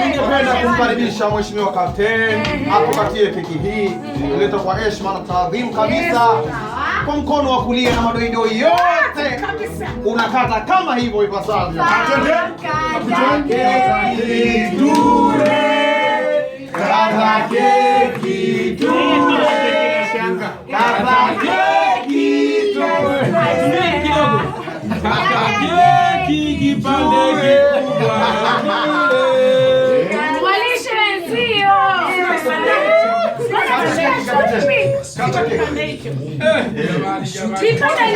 Ningependa kumkaribisha mheshimiwa kapteni apokatie keki hii ileta kwa heshima na taadhimu kabisa, kwa mkono wa kulia na madoido yote unakata kama hivyo ipasavyo. Kata keki tule, kata keki keki kipande walishe wenzio vipande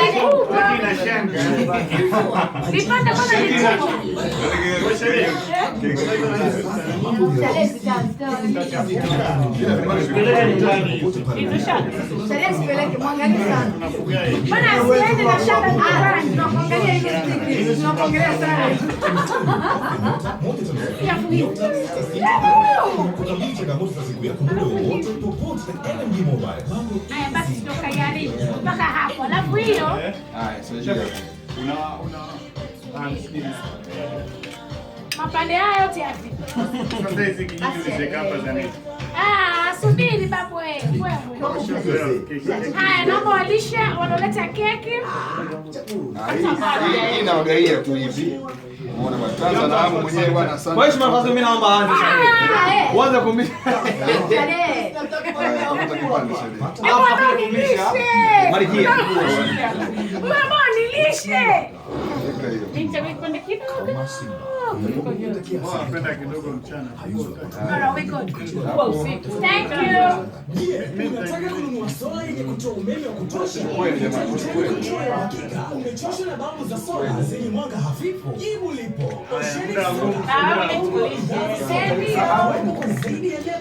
Peleke mwangalie sana, maana asiende na shamba tunakuangalia hivi, tunakuangalia sana Haya basi, tukajaribu mpaka hapo, alafu hiyo eh mapande haya yote yapi? Sasa hizi Ah, subiri babu wewe. Haya, naomba walisha wanaoleta keki. Ah, hii inawagaia tu hivi. Muone matanza na hamu mwenyewe bwana sana. Kwa heshima kwanza mimi naomba aanze sasa. Ah, eh. Uanze kumbisha. Malikia kutoa umeme wa kutosha. Umechoshwa na balbu za sola zenye mwanga hafifu? Jibu lipo. Zaidi ya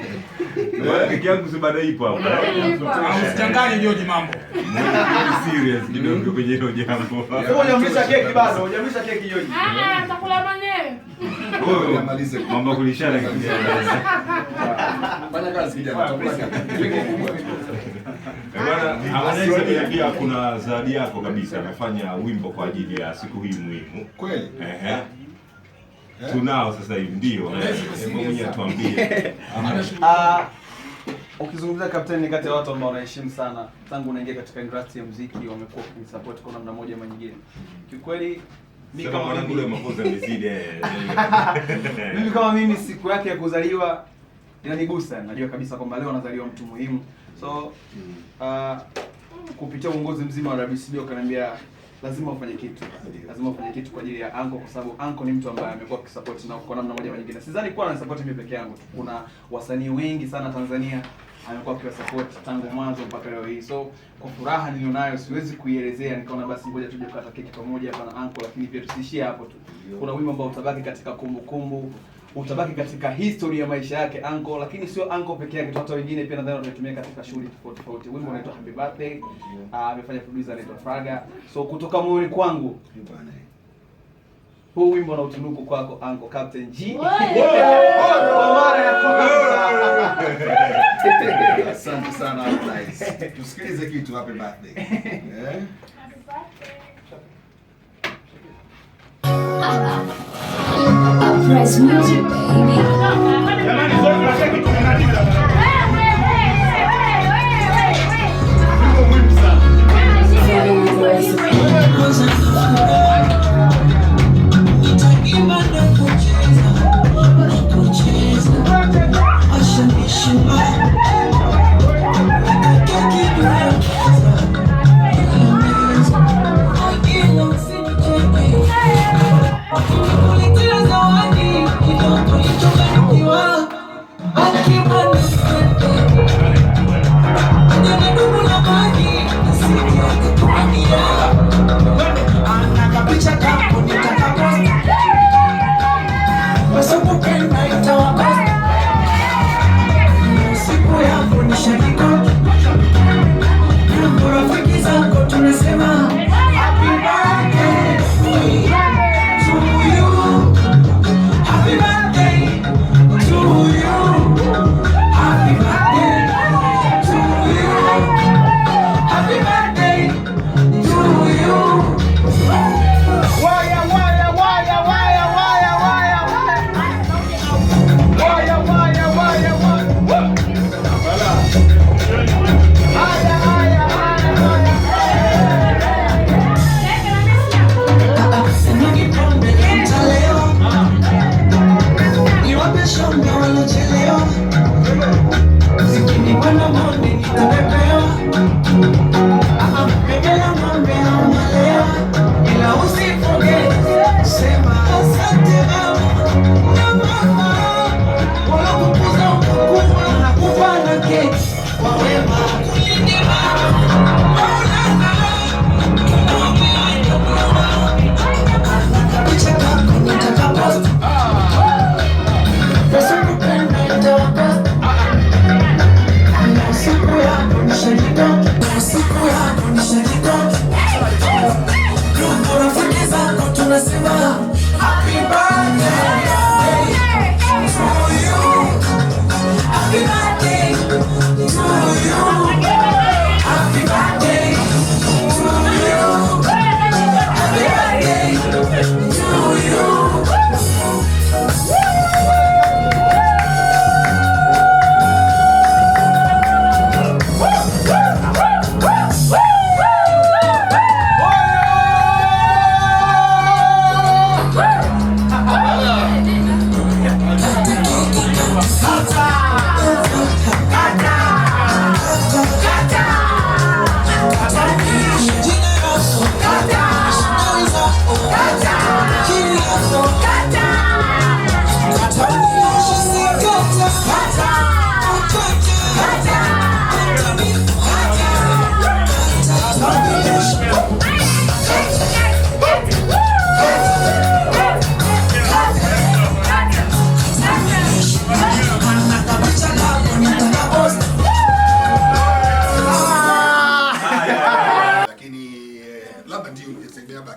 Peke yangu si bado ipo hapo. Usichanganye hiyo jambo. serious kidogo kwenye jambo. keki keki hiyo. Ah, atakula mwenyewe. Wewe mambo kulishana Fanya kazi kijana, pia kuna zawadi yako kabisa, amefanya wimbo kwa ajili ya siku hii muhimu. Kweli? Ehe. Eh? Tunao sasa hivi ndio. Mwenye tuambie. Ah, Ukizungumzia Kapteni, ni kati ya watu ambao wanaheshimu sana, tangu unaingia katika industry ya muziki wamekuwa wakisupport kwa namna moja ama nyingine. Kiukweli mimi kama mafunzo mimi mimi kama mimi siku yake ya kuzaliwa inanigusa, najua kabisa kwamba leo anazaliwa mtu muhimu, so mm. uh, kupitia uongozi mzima wa WCB wakaniambia lazima ufanye kitu, lazima ufanye kitu kwa ajili ya Anko kwa sababu Anko ni mtu ambaye amekuwa akisupport na kwa namna moja ama nyingine. Sidhani kuwa ananisupport mimi peke yangu, kuna wasanii wengi sana Tanzania amekuwa akiwasupport tangu mwanzo mpaka leo hii. So kwa furaha nilionayo siwezi kuielezea, nikaona basi ngoja tuje kukata keki pamoja hapa na uncle, lakini pia tusiishie hapo tu. Kuna wimbo ambao utabaki katika kumbukumbu, kumbu, utabaki katika history ya maisha yake uncle, lakini sio uncle peke yake, hata wengine pia nadhani wataitumia katika shughuli tofauti tofauti. Wimbo unaitwa Happy Birthday, ah, amefanya producer anaitwa Fraga. So kutoka moyoni kwangu huu wimbo na utunuku kwako uncle Captain G kwa mara ya kwanza Asante sana Harmonize. Tusikilize kitu happy birthday. Happy birthday. Press music baby.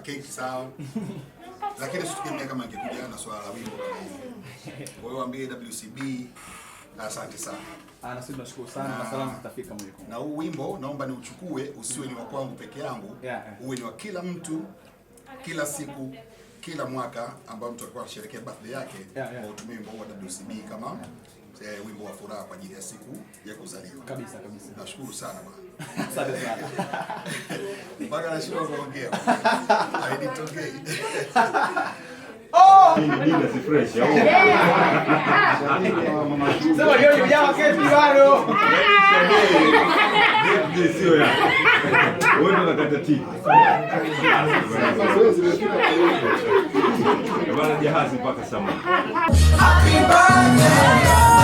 keki sawa, lakini sikutegemea kama angekuja na swala la wimbo kama hili. Kwa hiyo waambie WCB asante sana. Ana ah, sisi tunashukuru sana na salamu zitafika mwiko. Na huu wimbo naomba niuchukue usiwe ni wa kwangu peke yangu, uwe ni wa kila mtu kila siku kila mwaka ambao mtu alikuwa anasherehekea birthday yake, yeah, yeah. Kwa utumia wimbo wa WCB kama yeah wimbo wa furaha kwa ajili ya siku ya kuzaliwa. Kabisa kabisa. Nashukuru sana bwana. Asante sana. Mpaka nashindwa kuongea. Hainitokei. Oh! Ndio si fresh au? leo ni kesi bado. Ndio sio ya. Wewe ndo nakata tiki. Bwana jahazi mpaka samaki. Happy birthday.